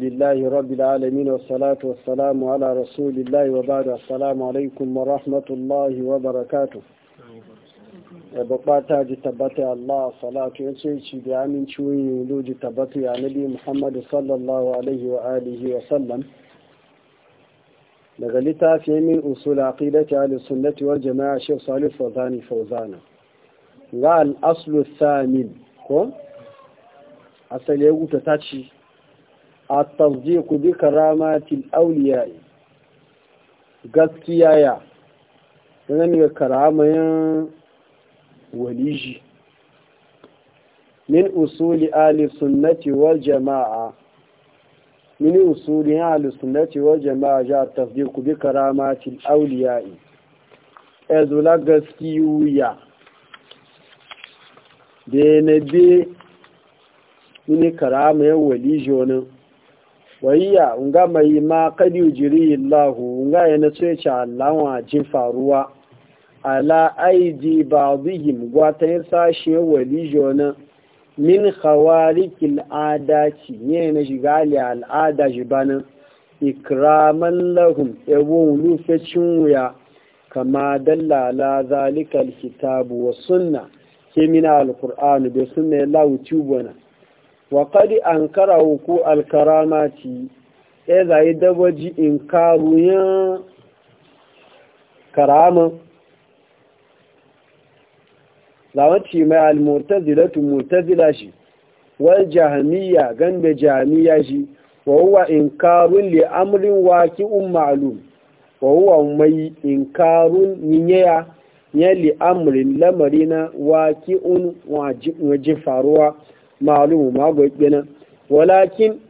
لله رب العالمين والصلاة والسلام على رسول الله وبعد السلام عليكم ورحمة الله وبركاته bukata ji tabbata Allah salatu ya ce ci da aminci wuyin yulu ji tabbata ya nabi Muhammadu sallallahu alaihi wa alihi wa sallam daga littafi min usul aqidati ahli sunnati wal jama'a Sheikh Salih Fawzani Fawzana aslu thamin ko asali taci التصديق بكرامات الأولياء gaskiya ya sanar da karamayan waliji min usuli ali sunnati wal jama'a min usuli ali sunnati wal jama'a ja tasdiqu bi karamatil awliya'i azula gaskiya da ne bi ni karamayan waliji wannan wayya nga mai ma kadi yujri illahu nga yana cha Allah wa jin faruwa ala aidi ba'dihim gwatan sashe walijona min khawarikil adati ne na shigali al'ada jibana ikraman lahum ebon lufacin wuya kama dalla la zalikal kitabu wa sunna kemina mina alqur'anu bi sunna la wutubana wa kadi an karawo ko alkaramati e ya zayi dabaji in karuyan karama lawanci mai almutazilatu mutazila shi wal jahamiya ganda jahamiya shi wa huwa inkarun li waki un ma'lum wa huwa mai inkarun niyyaya ya li amrin lamarina un waje faruwa ma'lumu ma walakin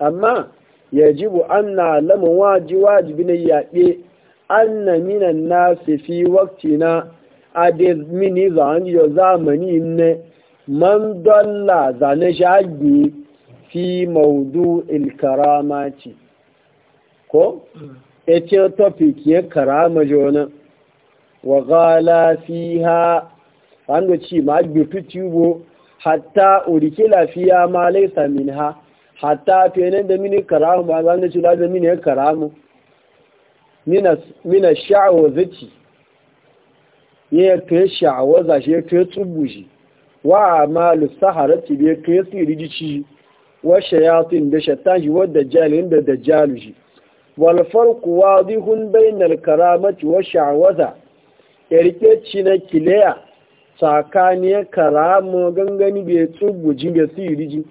amma yajibu an na lamun waji wajibi ne yaɓe an na minan na fi wakti na ade mini zanyo zamani ne man dalla zane shagi fi maudu ilkaramaci ko ece topic ya karama jona wa gala fi ha wanda ci ma gbetu ciwo hatta urike lafiya ma laisa min ha hatta to yanar da mini karamu ba wanda ci da mini ya karamu mina sha'awa zaci ya to ya sha'awa zashi ya to ya tsubu shi wa ma lusahara ci ya to ya tsiri jici wa shayatin da shatta shi wa dajjalin da dajjalu shi wal farqu wadihun bainal karamati wa sha'awaza yarke ci na kileya tsakaniyar karamu gangani bai tsubuji bai su yi riji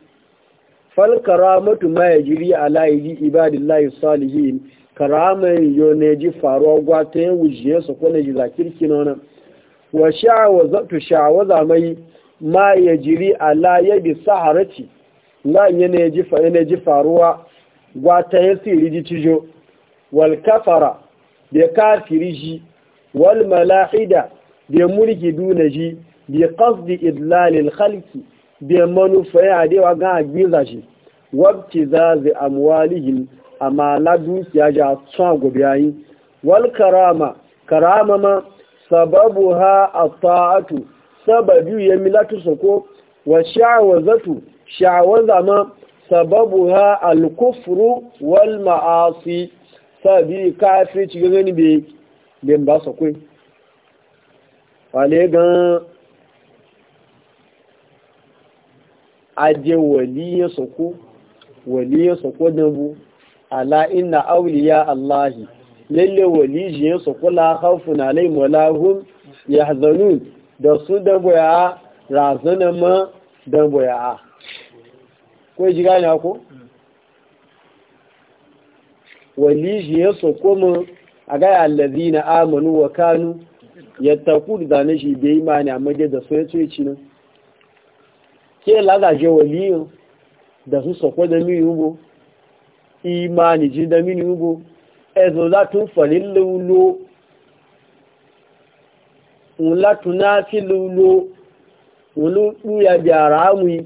falkaramatu ma ya jiri a layi ibadillahi salihin karamar ne ji faruwa gwata ya wujiye su kone ji zakirki nuna wa sha'awaza mai ma ya jiri a layi bi saharati ne yana ji faruwa gwata ya su yi riji cijo wal kafara da kafiri shi wal mala'ida bi mulki duna ji bi qasdi idlalil khalqi bi manufa ya wa ga agbiza shi wabti a amwalihim amma la dukiya ja tsa gobe ayi wal karama karama ma sababuha a taatu sababu ya milatu soko wa sha'wazatu sha'waza ma sababuha al-kufru wal ma'asi sabi kafirci gani be ben ba sokoi wale gan aje waliyin soko ya soko dambu ala ina auliya allahi lalle waliyin soko la khawfun alaihim wala hum yahzanun da su dambu ya razana ma dambu ya ko ji Wali ko ya soko mun a ga na amanu wa kanu ya taku da zane shi bai yi mani amma dai da soya soya ci nan ke lagaje waliyo da su sako da mini ugbo imani ji da mini ugbo ezo latun falin lulo latun na fi lulo wulu ɗuya bi arawi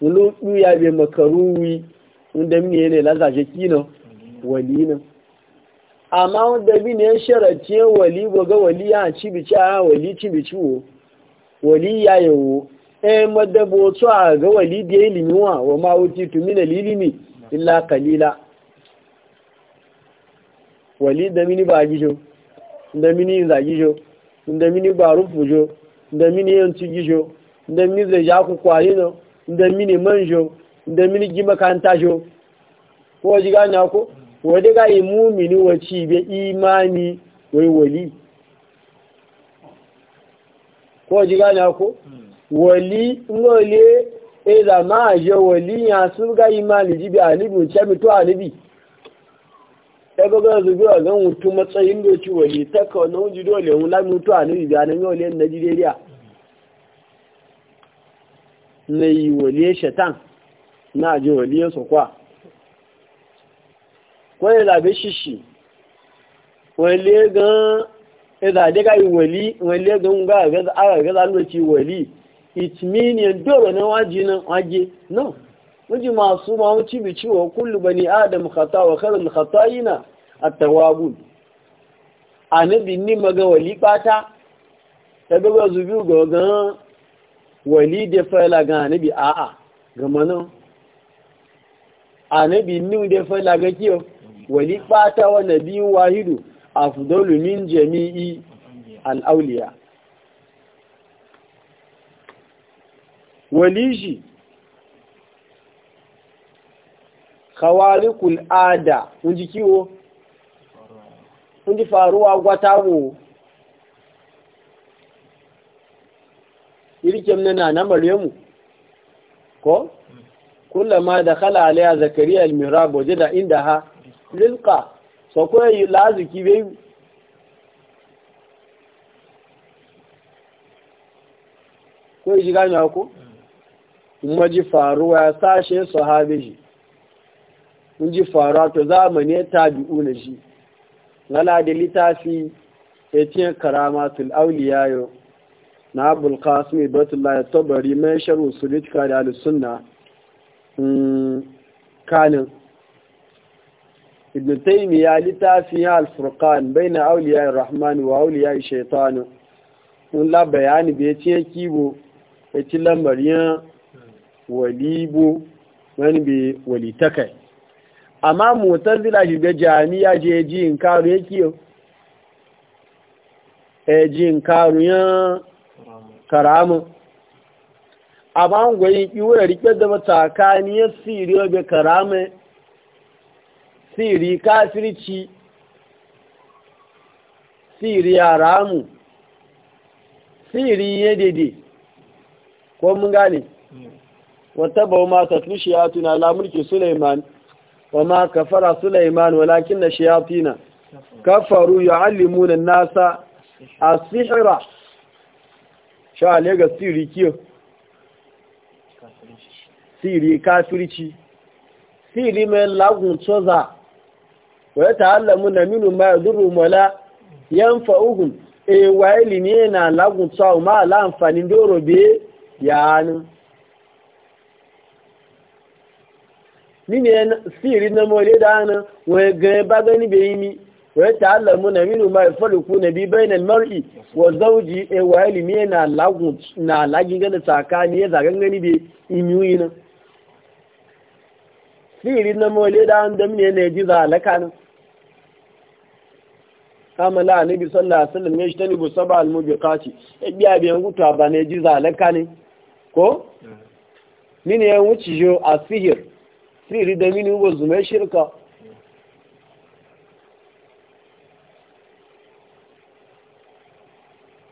wulu ɗuya bi makaruwi wanda mini ne lagaje kinan wali nan amma wanda bi ne sharace wali goga wali ya ci bici a wali ci bici wo wali ya wo eh madabo to a ga wali da ilimi wa wa ma wuti tu min lilimi illa kalila. wali da mini ba gijo da mini za gijo da mini ba rufu jo da mini ci gijo da mini zai ja ku kwaye no da mini manjo da mini gima kanta jo ko ji gane ko wadda ga yi mumini wace bai imani wai wali ko ji gane ko hmm. wali ngole e da ma je wali ya su ga imani ji bi alibi ce mi to alibi e go ga zu ga ga mutu matsayin do ci wali ta ka wannan ji dole mun la mutu alibi ga nan wali na Najeriya ne yi wali shaitan na je wali ya sokwa wọ́n e la làbẹ́ ṣìṣì wọ́n gan-an ẹ̀dà àdẹ́ka ìwẹ̀lì wọ́n lé gan-an gá ara ìgẹ́ta ló ti wẹ̀lì ìtìmíìnì ẹ̀dọ́rọ̀ náà wá jí náà wá jí náà wọ́n jí máa sún máa ń tí kúlù bani adam kata wa kẹrin kata yìí náà àtẹwàgùn ànábì ní maga wali pátá ya e bá zubi gan wali dẹ gan ànábì àà gama náà níwú dẹ gan kí o. wali fata wa nabiyin wahidu a min jami'i al'auliya wali shi kawarikul ada kunji kiwo kunji faruwa gwata mu. irkem na na maryamu ko hmm. kullama da khala alaiya zakariya al-mihrab wajada indaha rizqa so ko yi laziki be ko yi shiga ne ko maji ji faruwa ya sashe sahabe shi Mun ji faruwa to zamani ya tabi na shi lala da litafi ya ce karama tul'auliya yau na abul qasim ya tabari mai sharu sulitka da al-sunna mm, kanin ibn taymiya littafin al-furqan baina awliya ar-rahman wa awliya ash-shaytan mun la bayani be ce kibo e ci lambariyan walibo wani be walitakai amma mutazila shi ga jami'a je ji in karu yake e ji in karu ya karamu amma gwayin kiwo da rike da matakaniyar siriyo be karamu siri kafirci siri yaramu siri ya dede ko mun gane wata ba ma ta tushe ya tuna lamurki suleiman wa ma kafara suleiman walakin na shayatina kafaru ya allimuna nasa a sihira sha lega siri kiyo siri kafirci siri mai lagun tsoza wa na minhu ma yadurruhum wa la yanfa'uhum e wa ilimi na lagun tsawo ma la amfani doro be yani nini yana siri na mole da ana wa ga ba gani be yimi wa na minhu ma yafarquna bi bainal mar'i wa zawji e wa ilimi na lagun na lagi gani tsakani ya zagan gani be imiyina siri na mole da an da mene ne ji zalaka nan kama la nabi sallallahu alaihi wasallam ya tani bu saba al mubiqati e biya biyan gutuwa ba ne ji zalaka ne ko mini ya wuce jo a sihir sihiri da mini ubo zume shirka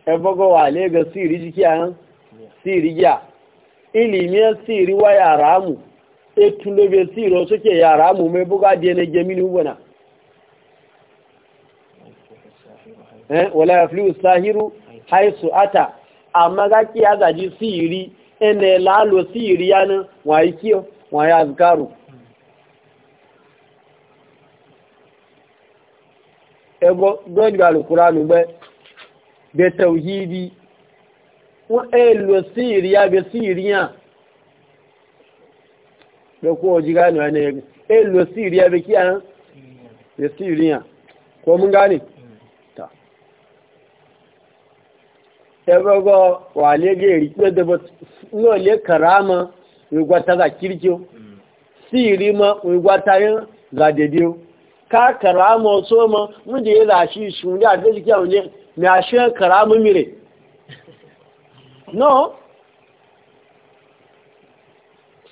e bogo wa le ga sihiri jiki an sihiri ya ilimiyar sihiri wa yara mu e tulobe sihiro suke yara mu mai buga dene mini ubona Eh, wala ya fliwu sahiru haisu ata amma ga ki ya zaji siri ina lalo sihiri yanin kiyo be tauhidi wọ́n ẹ ya be sihiri ya be ebogo wale ga rike da ba nole karama wigwata za kirkiyo siri ma wigwata yin za dediyo ka karama so ma wanda ya zashi shi wanda a daji kyawun ne na shi karama mire no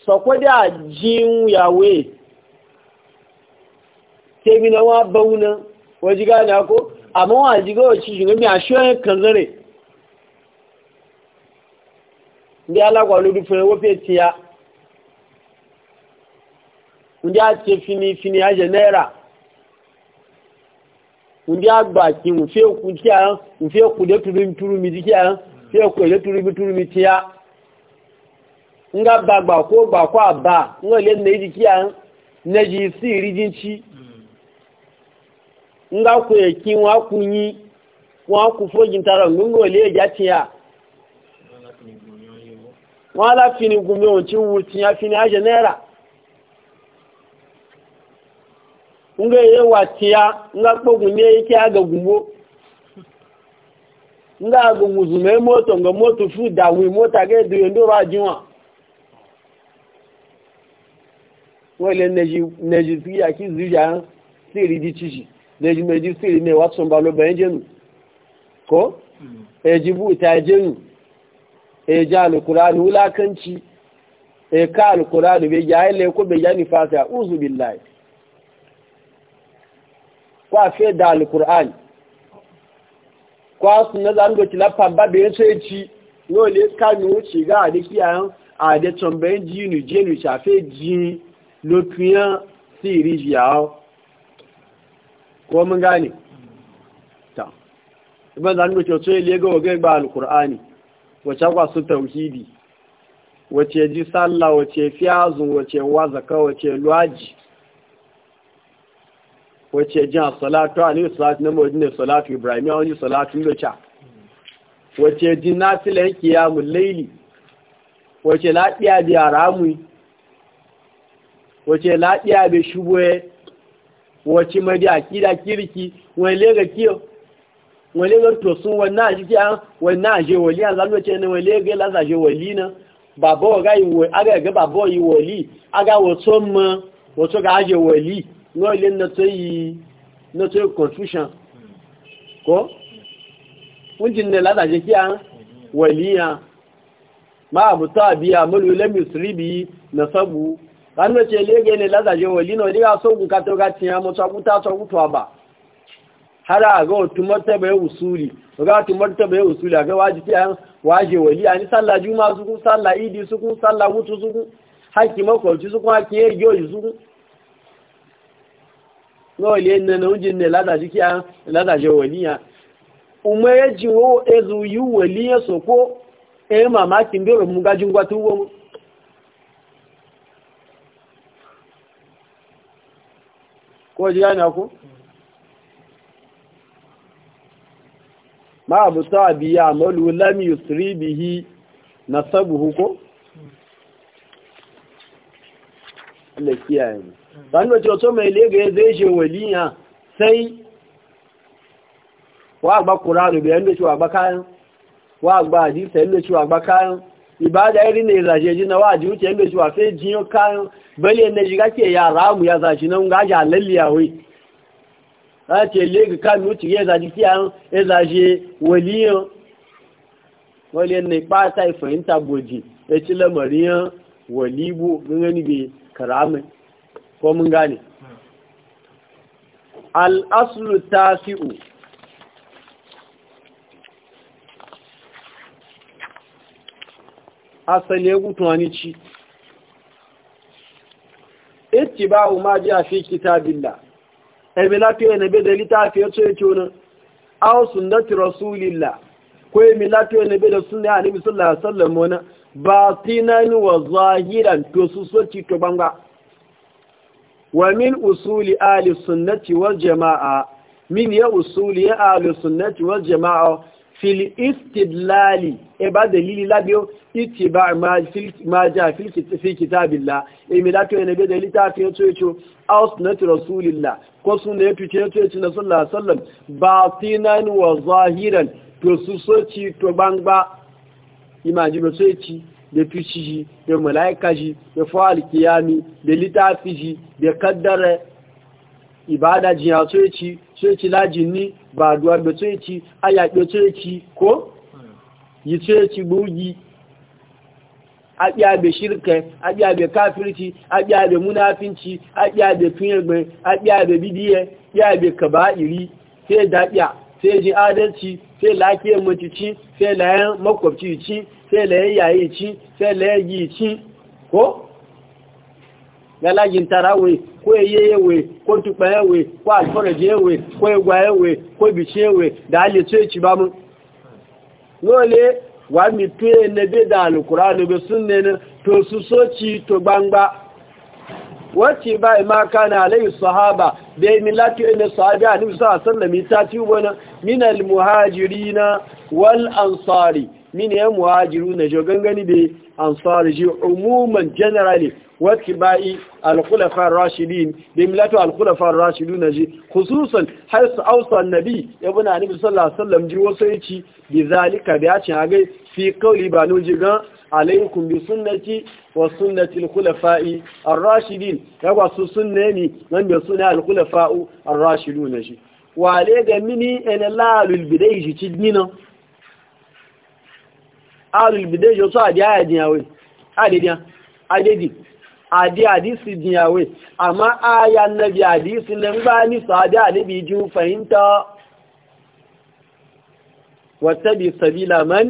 sọ̀kọ́ dá jíúyàwó tẹ́bí na wọ́n bá wúná wọ́n ko amma akó àmọ́ wọ́n àjígá òṣìṣẹ́ a àṣíwẹ́ kan zẹ́rẹ̀ ndị alakwa lodu fere wofe ti ndị a fini fini ya jenera ndị agba ki nfe okwu ti ya nfe okwu de turu turu mi ti ya nfe turu bi turu mi ti ya nga ba gba ko gba ko aba nga le ne ji ya ne ji si ri ji chi nga ko e ki wa ku ni wa ku fo ji tara ngo e ya wọn aláfin gúnmí ohun tí wù tí a fi ní ajẹ́ náírà nga ye wa tiya nga kpogun ne yake aga gumbo nga aga muzume moto nga moto fu da wi mota ga edu ndo ra jiwa wele neji neji fi ya ki zuja siri di chichi neji meji siri ne wa tsomba lo benjenu ko hmm. eji ejibu ta jenu e ja alkur'ani wulakanci e ka alkur'ani be ya ile ko be ya fasa uzu billahi kwa fe da alkur'ani kwa sun na zan doki lafan ba be sai ci no le ka ni wuce ga da kiyayen a da tambayin ji ni je ni fe ji lokiyan siri jiya ko mun gani ta ibn zan doki sai le ga ga alkur'ani wace kwasu tauhidi wace ji sallah wace fiyazu wace wazaka wace luwaji wace jan salatu a ne salatu na ne salatu ibrahim ya wani salatu lucha wace ji nafila yake yamun laili wace laɗiya bi haramu wace laɗiya bi shubuwe wace madi akida kirki wani lega kiyo wale ga to sun wannan a jiki an wannan a je wali an zalo ce ne wale ga lasa je wali na babo ga yi wali aga ga babo yi wali aga wato ma wato ga je wali no ile na to yi na to confusion ko unjin ne lasa je ki an wali ya ma abu ta biya mulu lam yusribi nasabu kan ce lege ne lasa je wali no diga so ku ka to ga tiya mo ta ku ta so ku to ba har a ga wata martaba ya usuli ga wata martaba ya usuli a ga wajibi an waje wali ani sallah juma su kun sallah idi su kun sallah mutu su kun haki makwarci su kun haki yi su kun no le na na unjin ne lada jiki an lada je wali ya umu ya wo ezu yi wali ya ko e mama kin biro mu gajin gwatu wo ko ji ana ko ma abu sa biya amalu lam yusri bihi nasabuhu ko Allah kiyaye mu dan wace wato mai lega zai je waliya sai wa ba qur'anu bi yanda shi wa ba kayan wa ba hadisi yanda shi wa ba kayan ibada irin ne zaje ji na wa ji ya yanda shi wa sai jiyo kayan bale ne shiga ke yara mu ya za nan ga ja lalliya láti ẹ̀lẹ́ ìgbìká mi ó ti rí ẹ̀zà jí sí àrùn ẹ̀zà ṣe wòlíyàn wọ́n lè ní ipá àtà gbòjì ẹtí lẹ́mọ̀ríyàn wòlíbò gẹ́gẹ́ níbi kàrámì kọmún gani al'asulu ta asali ci iti ba ji a fi ebe lati na be da lita ya ce ce wani aw sunnati rasulillah ko emi lafiya na bai da sunna annabi sallallahu alaihi wasallam wani batinan wa zahiran to su soci to banga wa min usuli ahli sunnati wal jamaa min ya usuli ya ahli sunnati wal jamaa fil istidlali e ba dalili labiyo ittiba ma fil ma ja fil fi kitabillah emi lafiya na bai da littafi ya ce ce aw sunnati rasulillah ko sun da ya ya tuce na sallallahu ba wasallam batinan wa zahiran to su so ci to bangba imaji ba ci da tuci da malaika ji da fa'al kiyami da litafi ji da kaddara ibada ji ya ci lajin ni ba duwa ci soci aya ba ci ko hmm. yi ci bugi a be shirka a be kafirci a be munafinci a be firgbe a be bidiye ya be kaba'iri sai dabiya sai jin adalci sai lafiyar macici sai layan makwabci ci sai layan yayi ci sai layan yi ci ko tarawe ko ko ko ko ko bicewe da halittu ya ci ba mu wa mi to e na be da alkur'ani be sunne ne to su soci to gbangba wacce ba e ma kana alai sahaba da yi milatu ina e sahabi a nufi sa sallami ta ci wani minal muhajirina wal ansari mini ya muhajiru na jogan gani da ansar ji umuman generally wati bai al-khulafa ar-rashidin bi millatu al-khulafa ar-rashidun ji khususan haythu awsa an-nabi ibn anabi sallallahu alaihi wasallam ji wasu yaci bi zalika bi acin hage fi qawli ji ga alaikum bi sunnati wa sunnati al-khulafa'i ar-rashidin yawa su sunne ni wanda sunna al-khulafa'u ar-rashidun ji wale ga mini ina lalul bidai ji cinnina alùlùbìdé yóò tó àdí àyàdìyàwó àdìdìyàn àdìdì àdí àdísì dìyàwó àmá àyà nàbí àdísì lè ń gbá ní sàádé fẹ̀yìntọ́ wàtẹ́bì sàbílà mẹ́n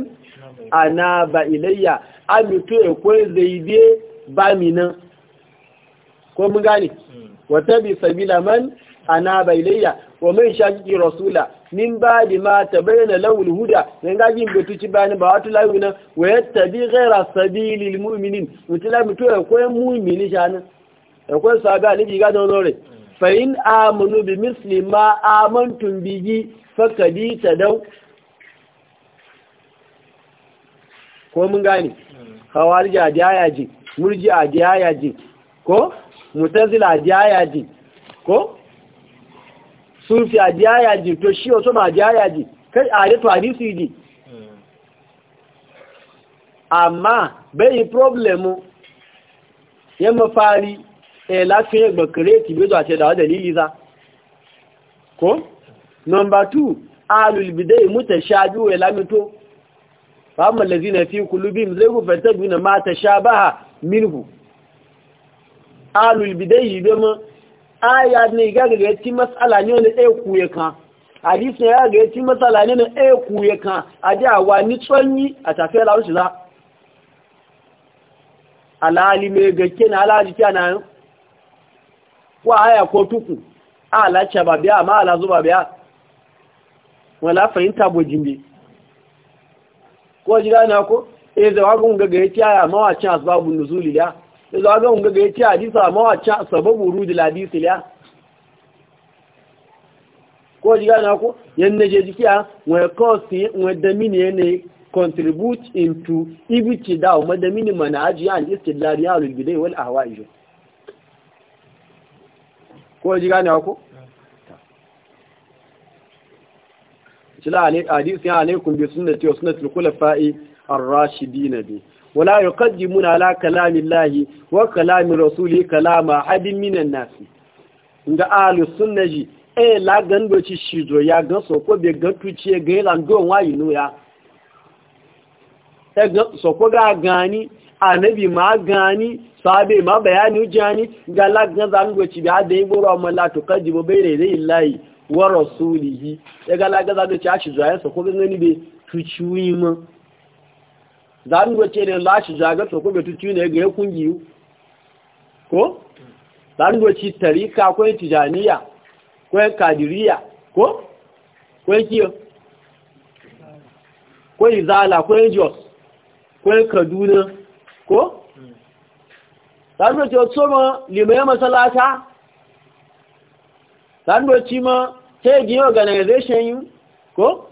ànàbà iléyà àmìtò ẹ̀kọ́ ìzẹ̀ìdé bá mìíràn kó mú gani hmm. wàtẹ́bì sàbílà mẹ́n ana bailayya wa man shaqi rasula min ba'di ma tabayyana lahu al-huda dan gajin ci bani ba watu lawi na wa yattabi ghayra lil mu'minin mutila mutu ya koyi mu'mini shan ya koyi saga ni biga don lore fa in amanu bi misli ma amantum bihi fakadi tadaw ko mun gani khawarija diyaya ji murji'a diyaya ji ko mutazila diyaya ji ko sun fi ajiya yaji to shi wasu ma ajiya yaji kai a da tuwari su yi amma bai yi problemu ya mafari yi eh, lafiya gba kireti bai zuwa ce da dalili za ko? nomba 2 alulbidai muta sha biyu ya lamito famar da na fi kulubin zai biyu duna mata sha baha minhu alulbidai yi domin aya ne ga ga yati masala ne ne e kuye kan hadis ne ga yati masala ne ne e kuye kan ade awa ni tsonyi atafe la wuce la alali me ga kina alaji kana wa aya ko tuku ala chaba biya ma ala zuba biya wala fahimta bojimbe ko jira na ko eh zawagun ga ga yati aya mawacin asbabun nuzuli da da za ga hunga ga ya ce hadisa a wacce sababu rudul hadisi liya ko ji gane ako yan na je jikiya wani kosti wani damini ne contribute into ibici da wani damini mana ajiya al istidlari ya rulgidai wani ahwa ijo ko ji gane ko cila hadisi ya alaikun bi sunnati suna sunnatul khulafa'i ar na biyu wala yuqaddimuna ala kalamillahi wa kalami rasuli kalama hadin minan nasi ga ahlus e la gando ci shizo ya ga so ga tuci ga don wayi no ya e ga so ko ga gani anabi ma gani sabe ma bayani jani ga la ga zango ci ba da iboro amala to kajibo bayre da illahi wa rasulihi e ga la ga a shizo ya so ko be tuci wi za wace ne lashi jaga to kuma tutu ne ga yakun giyu ko za wace tarika ko tijaniya ko kadiriya ko ko kiyo ko izala ko jos ko kaduna ko za wace so ma limaye masalata za wace ma ta yi organization ko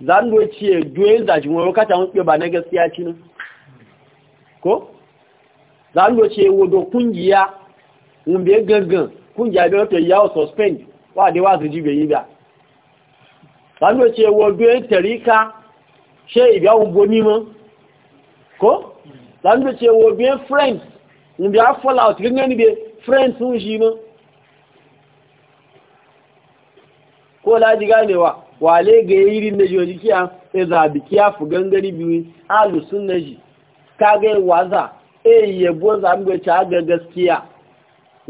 za mu ce duwe da wani kata mun ba na gaskiya ci ko za mu ce wodo kungiya mun be gangan kungiya da to yawo suspend wa dai wa zuji be yi da za mu ce wodo tarika she ibiya un boni mo ko za mu ce ya friends mun be fall out ringa ni be friends sun shi mo ko laji ganewa wale ga yirin na jiwa jikiya ya zabi kiya fi gangari biyu alusun na ji ka ga waza e yabo zamu ga ta ga gaskiya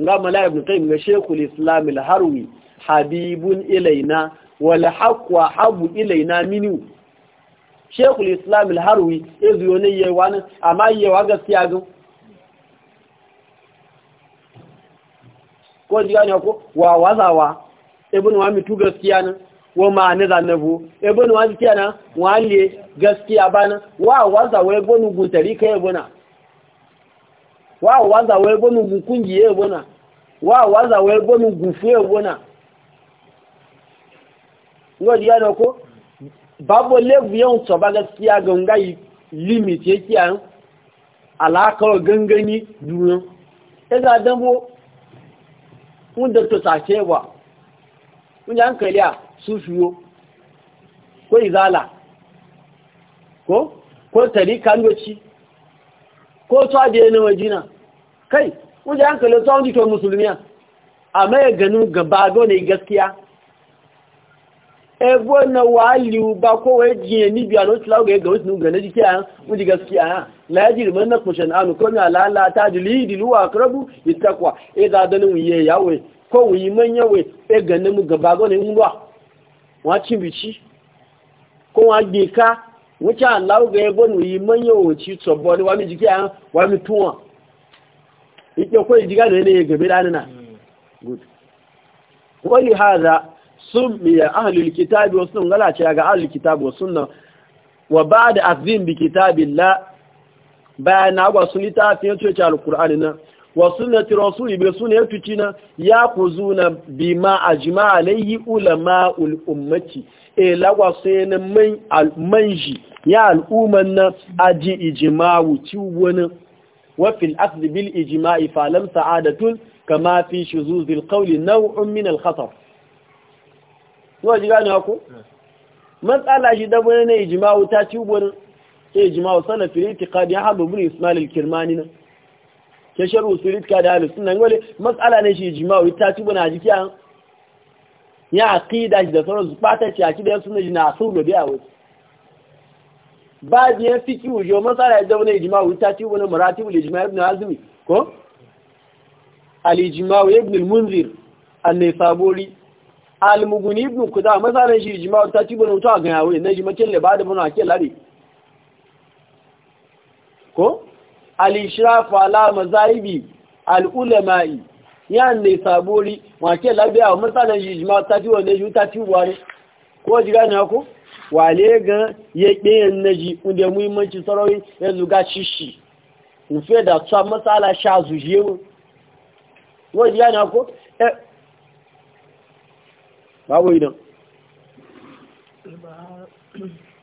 nga mala ibn qayyim ga shekul islam al harwi habibun ilaina wal haqq wa habu ilaina minu shekul islam al harwi e yanzu yone yayi wani amma yayi wa gaskiya ga ko ji gane ko wa wazawa ibn wa mitu gaskiya na wa ma ne da nabu ibn wa gaskiya nan wa le gaskiya bana wa waza wa ibn gun tarika ibn wa waza wa ibn gun kungi ibn wa waza wa ibn gun fu ibn ngodi ya doko babo le biyan to ba gaskiya ga ngai limit yake an alaka gangani duniya eza dambo mun da to sace ba kun ji hankali a sufiyo ko izala ko ko tarika ndoci ko tsadiyar na Majina? kai kun ji hankali tsawon jikin musulmiya a maye ganin gaba ne gaskiya ebo na waliu ba kowai jiye ni biya no tilawo ga ga wasu gane jike an ji gaskiya ya la yajir man na kushan anu ko na lalata dilidi luwa akrabu itaqwa e da dalin ye yawe ko wuyi manyan wai e ɗaya mu gaba gane in ruwa wacin bici ko wa gbe ka wuce allahu ga yabo nu yi manyan wuci wani jiki a wani tuwa ike ko jiga da yanayi gabe good wani haza sun miya ahalul kitabi wasu sun galace ga ahalul kitabi wasu wa ba azim bi bayan Agwa alkur'ani n'a. wa sunnati rasuli bi sunnati tucina ya kuzuna bima ajma alayhi ulama ul ummati e lawa sene man al manji ya al umman na ijma wu ci wona wa fil akhd bil ijma fa lam sa'adatun kama fi shuzuz al qawl naw'un min al khatar ji jigani ko matsala shi da wani wu ta ci ijma e, ijma'u sanafi itiqadi ya habu bin ismail al kirmani na ya sharu usulit ka da ahlus sunna ngole matsala ne shi ijma'u ita ci bana jiki an ya aqida shi da sauran su fata ci aqida sunna ji na asul da biya wai ba ji biyan fiki jo matsala da wani ijma'u ita ci bana maratibul ijma' ibn azmi ko al ijma'u ibn al munzir an-nisaburi al-mughni ibn kuda matsala shi ijma'u ita ci bana to ga yawo ne ji makin da ba da bana akilla ko al-ishrafu ala mazahibi al yan ne sabori wake labe a mutanen jijima ta ci wane ju ta ci wane ko ji gane ku wale gan ya kiyan naji inda muhimmanci sarari ya zuga shishi nufe da tsa matsala sha zujiye mu ko ji gane ku eh babu idan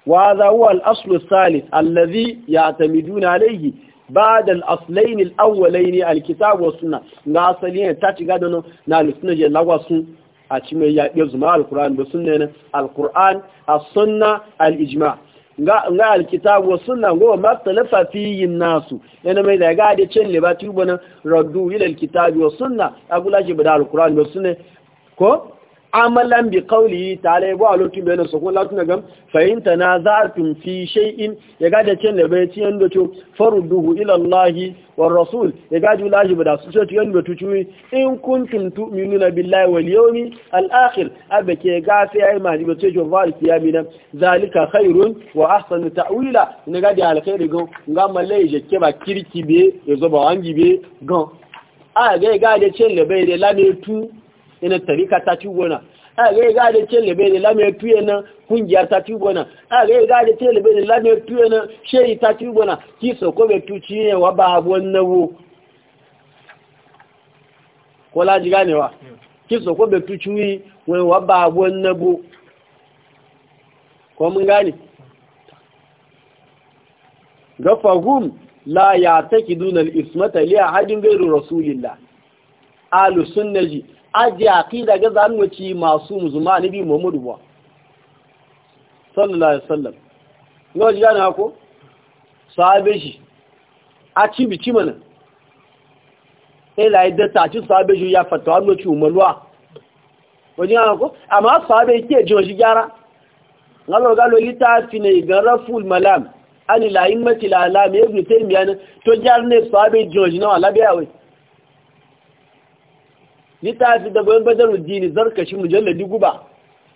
wa za huwa salis allazi ya tamiduna alayhi ba da al’aslaini al’awwalaini alkitabuwa suna na asali ne ta ciga da nan na je lagwasu a cimai ya ɗe zuma al’ur'an suna ne al’ur'an suna al’ijima ga alkitabuwa suna goma ma talafa fi yin nasu yana mai daga da cin libatibu na raddu yi da alkitabuwa a gula da suna ko amalan bi qawlihi ta'ala yabu alokin bayan su kun latuna gam fa in tanaza'tum fi shay'in ya gaje cin da bai ci yando to farudduhu ila Allah war rasul ya gaje laji bada su ce yan da tuci in kuntum tu'minuna billahi wal yawmi al akhir abake gafi ai ma jibo ce jawar kiyamina zalika khairun wa ahsanu ta'wila na gaje alkhairi go ngam lai je ke ba kirki be yazo ba wangi be gan a ga gaje cin da bai da lame tu ina tarika ta ci gona a ga ga da ce lebe da lamar tuye na kungiyar ta ci gona a ga ga da ce lebe da lamar tuye na shehi ta ci gona ki so ko be tuci ne wa ba abun nawo ko la ji ganewa ki so ko be tuci wai wa ba abun nawo ko mun gane fahum la ya taki dunar ismata liya hajjin gairu rasulillah alu naji aji aqida ga zan wuce masu muzuma nabi Muhammadu ba sallallahu alaihi wasallam ngo ji gane hako sahabe shi a ci bici mana ila yadda ta ci sahabe shi ya fata wani wuce umarwa waje gane hako amma sahabe ke ji shi gyara ngalo galo litafi ne ga raful malam ani la immati la alam ibn taymiyyah to jar ne sahabe ji na wala biya wai litafi da bayan badarul dini zarkashi mujalladi guba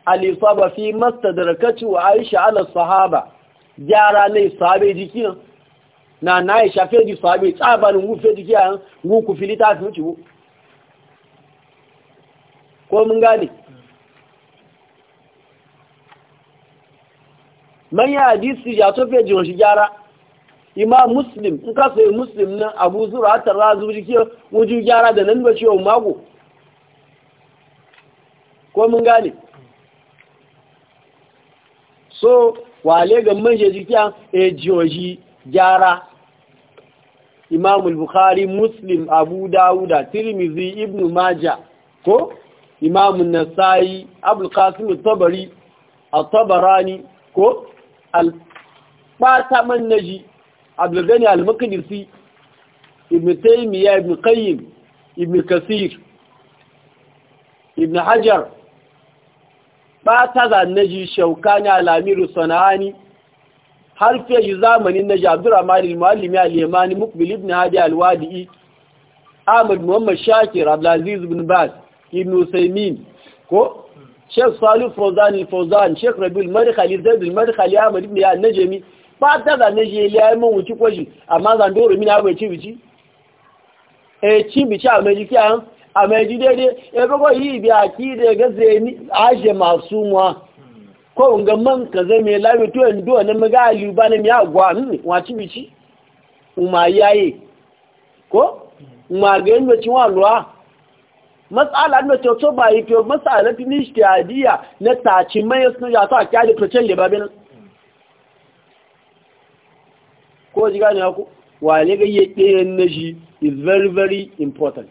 al ba fi rakaci wa aisha ala sahaba gyara ne sahabe jiki na na aisha shafe ji sahabe tsabanin gufe jiki an guku fi litafi wuce ko mun gane manya hadisi ya tofe ji shi gyara ima muslim in ka yi muslim nan abu zuwa ta razu jiki wuju gyara da nan ba ciwon mago ko mun gane so wale ga manje jikiya e eh, jiyoji gyara imamul bukhari muslim abu dawuda tirmizi ibnu maja ko imam nasai abul qasim tabari tabarani ko al-bata naji abdul gani al ibn taymiya ibn qayyim ibn kasir ibn hajar ɓata zannaji shaukani alamiru sana'ani har fiye zamanin na jabdurrahman al-muallimi al-yamani mukbil ibn hadi al-wadi'i ahmad muhammad shakir abdulaziz ibn baz ibn usaymin ko sheikh salih fawzan al-fawzan sheikh rabiul madkhali zaid al-madkhali ahmad ibn ya najmi ba ta da ne ya yi mun wuci kwaji amma zan doro abu ya ci bici eh ci bici a mai jiki a mai ji daidai ya gaba yi biya ki da ga zai ashe masu muwa ko ga man ka zai mai labi to yin duwa na maga aliba na miya gwa nini hmm, ci? bici ma yaye ko ma ga yin mace wa luwa matsala na toto ba yi fiye matsala ta nishi adiya na taci mai suna ya ta da procen da babin ko ji ya ku wale ga yi ɗayan na shi is very very important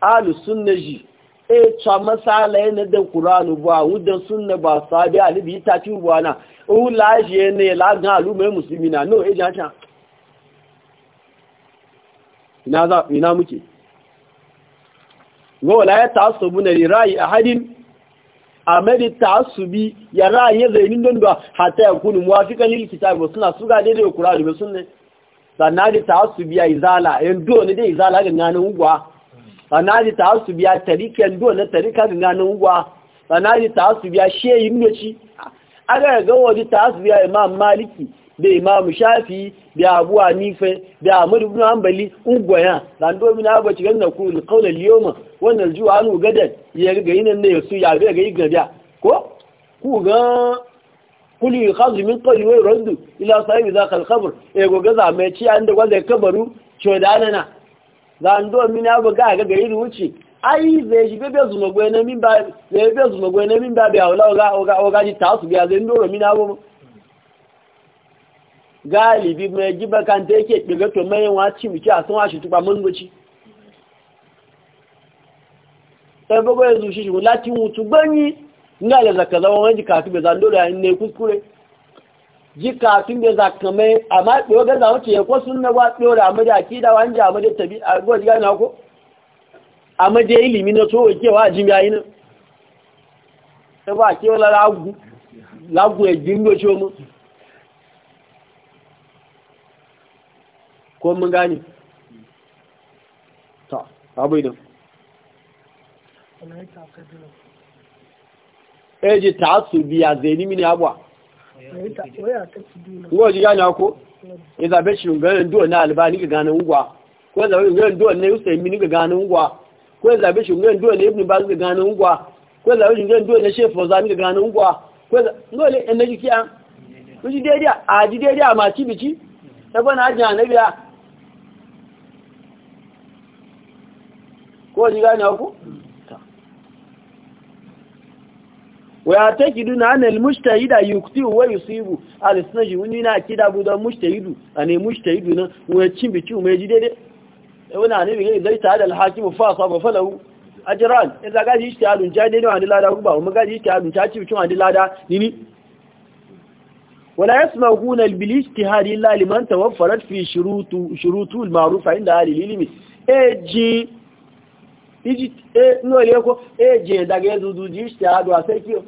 alu sunna ji e cha masala ne da qur'anu ba wuda sunna ba sabi alibi ta ci na. o la je ne la gan alu mai muslimina no e janta ina za ina muke go la ya tasubu ne ra'i ahadin amadi tasubi ya ra'ayi zainin don ba hatta ya kunu muwafiqan lil kitab wa sunna suga dai da qur'ani ba sunna sannan da ta'assubi ya izala yan do ne dai izala ga nanin ugwa ji ta su biya tarikan dole tarika ga nan uwa ji ta su biya sheyin noci aga ga wani ta su biya imam maliki da imam shafi da abu anife da amadu ibn hanbali ungwaya dan do min ba ci ganna ku ni al liyoma wannan alju'a anu gadan ya ga yinan ne su ya ga yi gadiya ko ku ga kuli yukhadhu min qawli wa yuraddu ila sahibi dhaka e go gaza mai ci an da gwanda kabaru cewa da zando mini abu ga ga gari ai zai shi bebe zuma na ba be bebe zuma na aula oga biya zai ndoro mini abu galibi mai giba kan ta yake diga to mai wa ci mu ci a sun shi shi lati mutu banyi ngale zakaza wani kafi ji kafin da zakamai ka mai amma ɗaya ga zama ce ko sun na wasu da amma da ake da hanji a da tabi a gwaji na ko amma da ilimi na so ke wa jim yi nan ta ba ke wala lagu lagu ya gingo ce mu ko mun gani ta abu idan eji eh, ta su biya zai nimi ne abuwa ko ji gane ko ya zabe shi ganin duwan na albani ga ganin ugwa ko ya zabe ganin duwan na yusuf mini ga ganin ugwa ko ya zabe shi ganin duwan na ibn baz ga ganin ugwa ko ya zabe shi ganin duwan na shef fozani ga ganin ugwa ko ya dole in naji kiya ku ji daidai a ji daidai a maci bici ta bana na biya ko ji gane ku ويعتقدون أن المجتهد يكتئ ويصيب على السنجي ونينا أكيد أبو دا مجتهد أنا مجتهدنا ويتشم بيتشم ويجدد وانا نبي إذا تعالى الحاكم فاصب فله أجران إذا قال يجتهد جادين وعن الله ربا وما قال يجتهد تاتي بيتشم عن الله نيني ولا يسمعون بالاجتهاد إلا لمن توفرت في شروط شروط المعروفة عند أهل العلم eji iji e no ile ko eji dage dudu ji a sai kiyo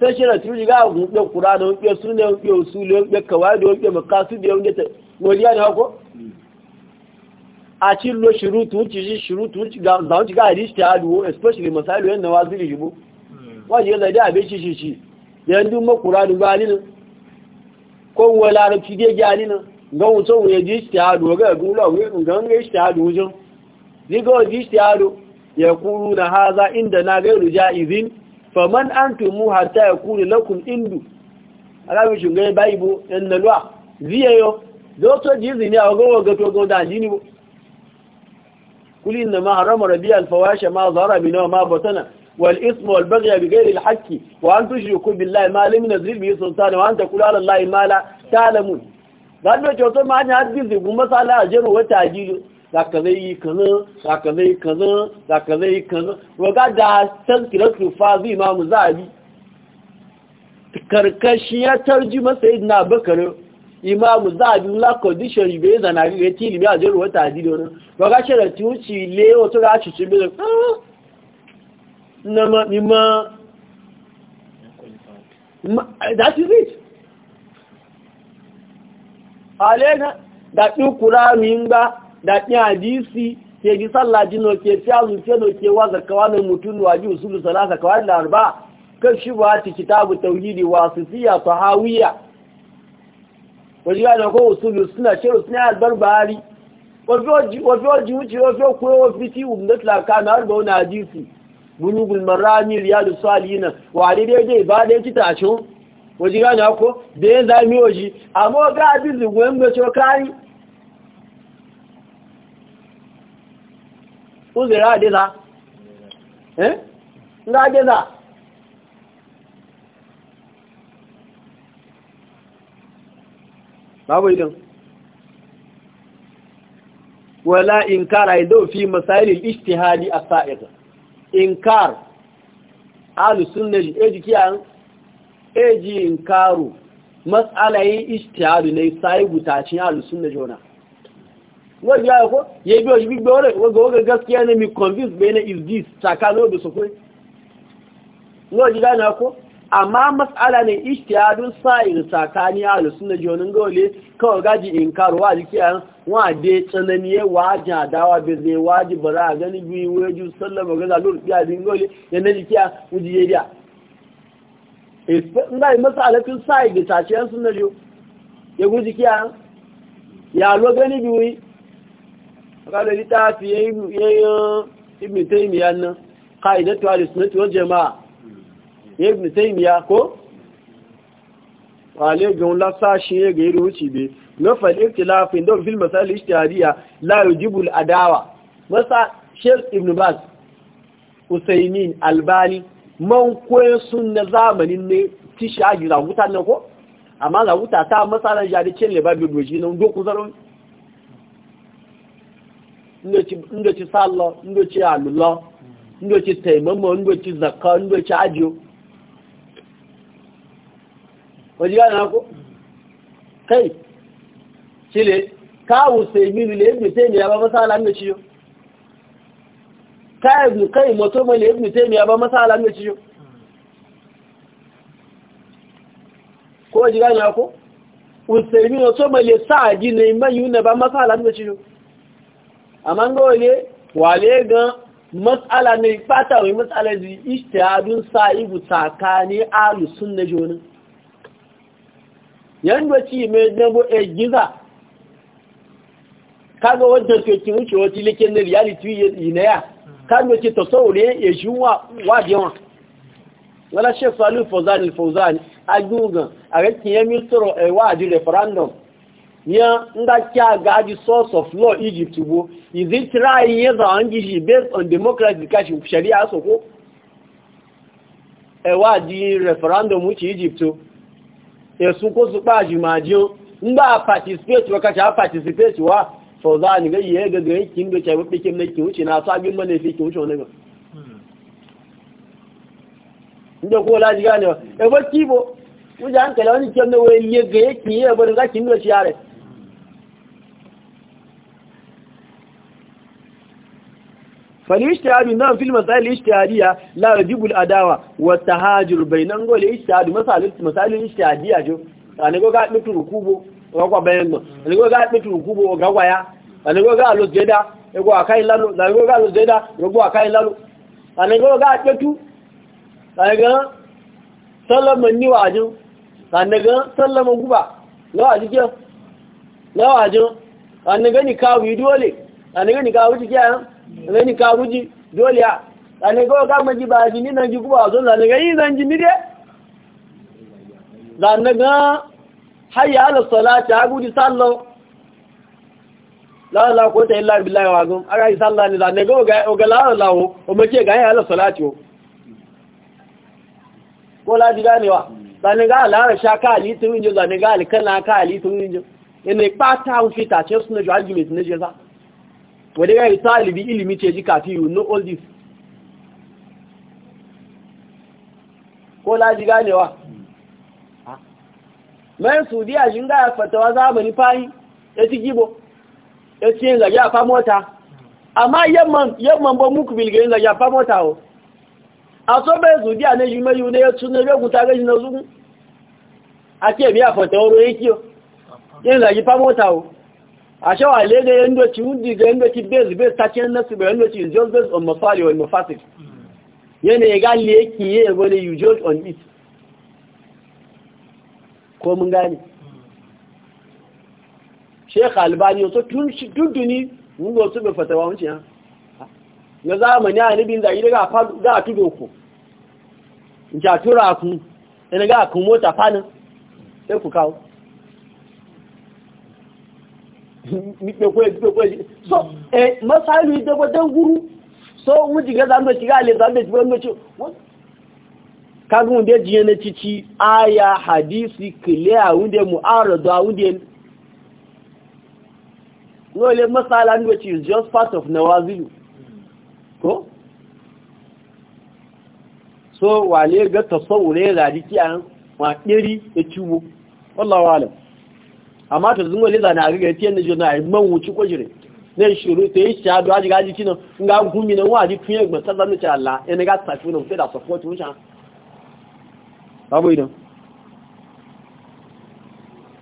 sai shi na turu ga gumbe kura da gumbe sunne gumbe usule gumbe kawai gumbe makasu da gumbe ta godiya ne hako a cikin lo shurutu ci shi shurutu ci ga da ci ga hadisi ta duwo especially masalu yan nawazili jibo waje yana da abe shi shi shi yan dun makura da gani ne ko wala da ci ga gani ne ga wuto wuye ji shi ta duwo ga gulo wuye dun ga ga shi ta duwo jin ji ga ji shi ta duwo ya kuru na haza inda na ga ruja izin faman an tumu hatta ya kuri lakun indu alamun shungaye bayi bu yan nalwa ziyayo zoto jizi ne a gowa gato togo da jini bu kuli inna ma harama rabi alfawashe ma zara bi nawa ma batana wal ismu wal bagya bi gairi alhaki wa an ku billahi ma lam yunzil bi sultana wa an taqulu ala allahi ma la ta'lamun dan do to ma hanya hadisi gumma sala ajaru wa tajilu zakalai kaza zakalai kaza zakalai kaza waga da tazkiratu fazi imam zabi karkashiyar tarjuma sayyidina bakar imam zabi la condition be zana ga ti libi ajeru wata di don waga shara ti uci le o to ga ci be na ma that is it alena da dukura min ba da ti hadisi ke ji sallah jino ke ci azu ce no ke wa zakawa no mutun wa ji usul salasa kawai da arba kan shi ba ti kitabu tauhidi wa tahawiya ko ji ga ko usul suna ce usul suna albarbari wato ji ko ji wuce ko koyo fiti um da umdat ka na arba na hadisi bulugul marani riyadu salihina wa daidai dai ba dai kita a cin waji gane ko dai ya zami waji amma ga hadisi zuwa yin mace kari uzuri adeza eh nga adeza babu idan wala inkara idan fi masailil ijtihadi as-sa'iqa inkar ahlus sunnah eh, ejikiyan eji eh, inkaru mas'alai ijtihadi ne sai butacin ahlus sunnah jona wọ́n yá ẹ̀kọ́ yẹ bí ọjọ́ gbígbẹ́ ọ̀rẹ́ gaskiya ne mi convince bẹ́ẹ̀ na is this tsakanin wọ́n jí ẹ̀kọ́ amma ne ishtiyadun sa'ir tsakani a lusun na jonin gole kawai gaji in karuwa jikiya wa dai tsananiye wajen adawa bai zai waji ba za a gani biyu sallama gaza yana jikiya jo ya ya lo gani biyu ni litafi yayin ibn taymiya nan qaidatu al-sunnah wal jamaa ibn taymiya ko wale gun la sa ya ga yiro ci be na fal ikhtilaf inda fil masal ijtihadiyya la yujibu al-adawa masa sheikh ibn baz usaymin albani man koyi sunna zamanin ne tishi ajira wutan nan ko amma la wuta ta masalan jadi cin le babu doji nan ku zaron ndoci sallo ndoci alulo ndoci taimamo ndoci zakka ndoci ajiyo wajen kai cile kawo sai minu le ibn ya ba masala ne ciyo ka ibn kai moto mai ibn ya ba masala ne ciyo ko ji gane ku usaimin le saji ne mai yuna ba masala ne ciyo amma ga wale ga matsala ne fata wai matsala ji ijtihadun sa'ibu tsakani alu sunna jonin yanda ci mai dabo e giza kaga wadda ke ki wuce wata likin na reality yana ya kaga ta tasawuri ya shi wa wa biyan wala shek salu fawzan al-fawzan ajugan a rakin ya tsoro a wa'adi referendum nye ndaki aga ji source of law Egypt bo is it right ya za an gishi based on democracy kashi sharia so ewa e wa di referendum which Egypt e su ko su a ji ma ji ngba participate wa kashi participate wa so za ni ga ye ga ga kin do cha na ki wuce na sa bi mana fi ki wuce wannan hmm. ndo ko la ji ga ne e ba kibo wuce nkele wani kyan da wani ya ga yake yi abin gashin da shi yare فالاجتهاد نعم في المسائل الاجتهاديه لا يجب الاداوه والتهاجر بين نقول الاجتهاد مسائل مسائل الاجتهاديه جو أنا قلت مثل ركوبه وقوى بينه أنا قلت مثل ركوبه وقوى يا أنا غا لو زيدا يقوى أكاين لالو أنا غا لو زيدا يقوى أكاين لالو انا غا مثل أنا قلت سلام ني واجو انا غا سلام غبا لا اجي لا واجو انا غني كاوي دولي انا غني كاوي جيان zani ka guji dole ya zane kawai ka maji ba shi ni nan ji kuma zo zane ga yi zan ji ni dai zane ga hayya ala salati ha guji sallo la la ko ta illa bi wa gum aka yi sallah ni zane ga o ga la la o o mace ga hayya ala salati o ko la di wa zane ga ala sha ka ali tun zane ga alkana ka ali tun ji ina pata un fita ce suna ju argument ne je za wadda gari talibi ilimi ce ji kafin you know all this ko laji ganewa mai saudiya shi ga fatawa zamani fayi ya ci gibo ya ci yin zage a famota amma yamman ban muku bilge yin zage a famota o a so bai saudiya ne shi mai ne ya tunan reguta gashi na zuku a ce biya fatawa ruwa kiyo yin zage famota o ashe wa lege yando ci hundi ga yando ci base base ta ce nasu ba yando ci just based on mafali wal mafasid yana ya ga le yake ye gole you just on it ko mun gane Sheikh Albani so tun shi duduni mun go su be fatawa mun ci ha na zamani alibin da daga fa da tudo ku ja tura ku ina ga ku mota fanin sai e ku kawo mikpekwe mikpekwe so eh masalu idabo dan guru so mun jiga zan da shiga le zan da jiga mun ce kagun wunde jiye na cici aya hadisi clear wunde mu'arada wunde wole masala ni which is just part of nawazilu ko so wale ga tasawure radiki an wa diri ya ciwo wallahi wala. amma to zungo le zana ga ti en jona e man wuci ko jire ne shuru te yi cha do ajiga ji kino nga gumi na wa ji tun e gba tazanu cha Allah ga ta funa sai da support mu cha babu idan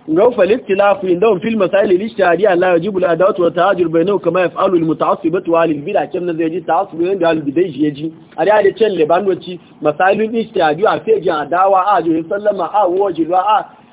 ngau falistilafu indahum fil masail al-ijtihadiyya la yajibu al-adawat wa tahajjur bainahu kama yaf'alu al-muta'assibatu wa al-bid'a kam na zai ji ta'assub yanda al-bidai yaji ada da cin libanwaci masailun ijtihadiyya a fejin adawa a jin sallama a wajilwa a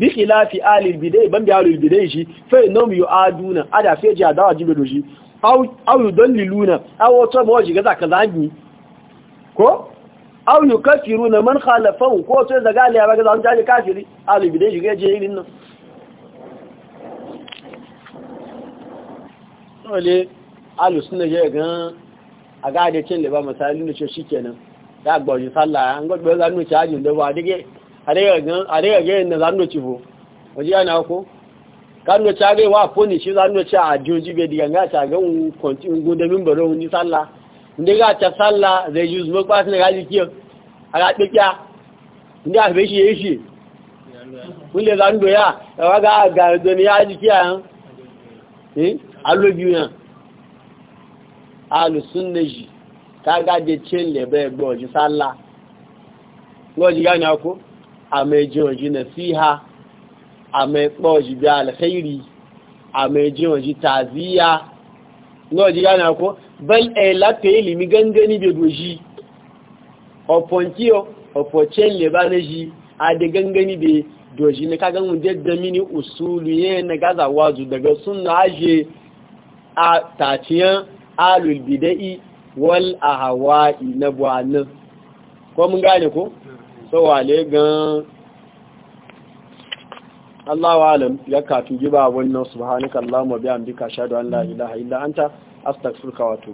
bi khilafi alil bidai ban bi alil bidai shi fa innahum aduna ada fe ji adawa jibe do shi aw aw yudalliluna aw to bo ji gaza kaza ni ko aw ko to gaza an kafiri alil bidai nan alu kenan da ji sallah an a daga gayin na zanen doci bo waje ko kan doci agai wa foni shi zanen doci a joji bai diga ga ta gan gudamin baro ni salla. inda ga ta sallah zai ji zuwa kwasin ga jikiyar a ga ɗikiya inda a bai shi e ya shi wunde zanen doya ya waga ga zoni aji jikiya yan eh alo biyu yan alusun na ji ka gaje le lebe gbọ́ ji sallah gbọ́ ji gani ako a mai jiwaji nasiha a mai ji biya alkhairi a mai jiwaji taziya lọ́jí gánà kó bẹ́l ẹ̀ e látẹ̀ ilimi gangani da doji ọ̀pọ̀ntíọ̀ opochen le bá na a da gangani da doji na kagan wunde da mini usulu ye na gaza wazu daga sunna aje a tatiyan alul bida'i wal ahawa'i na buwannan ko mun gane ko sọ́wà lè gan Allahu alam ya katu giba wannan subhanakallahumma bihamdika ashhadu an la ilaha illa anta astaghfiruka wa atubu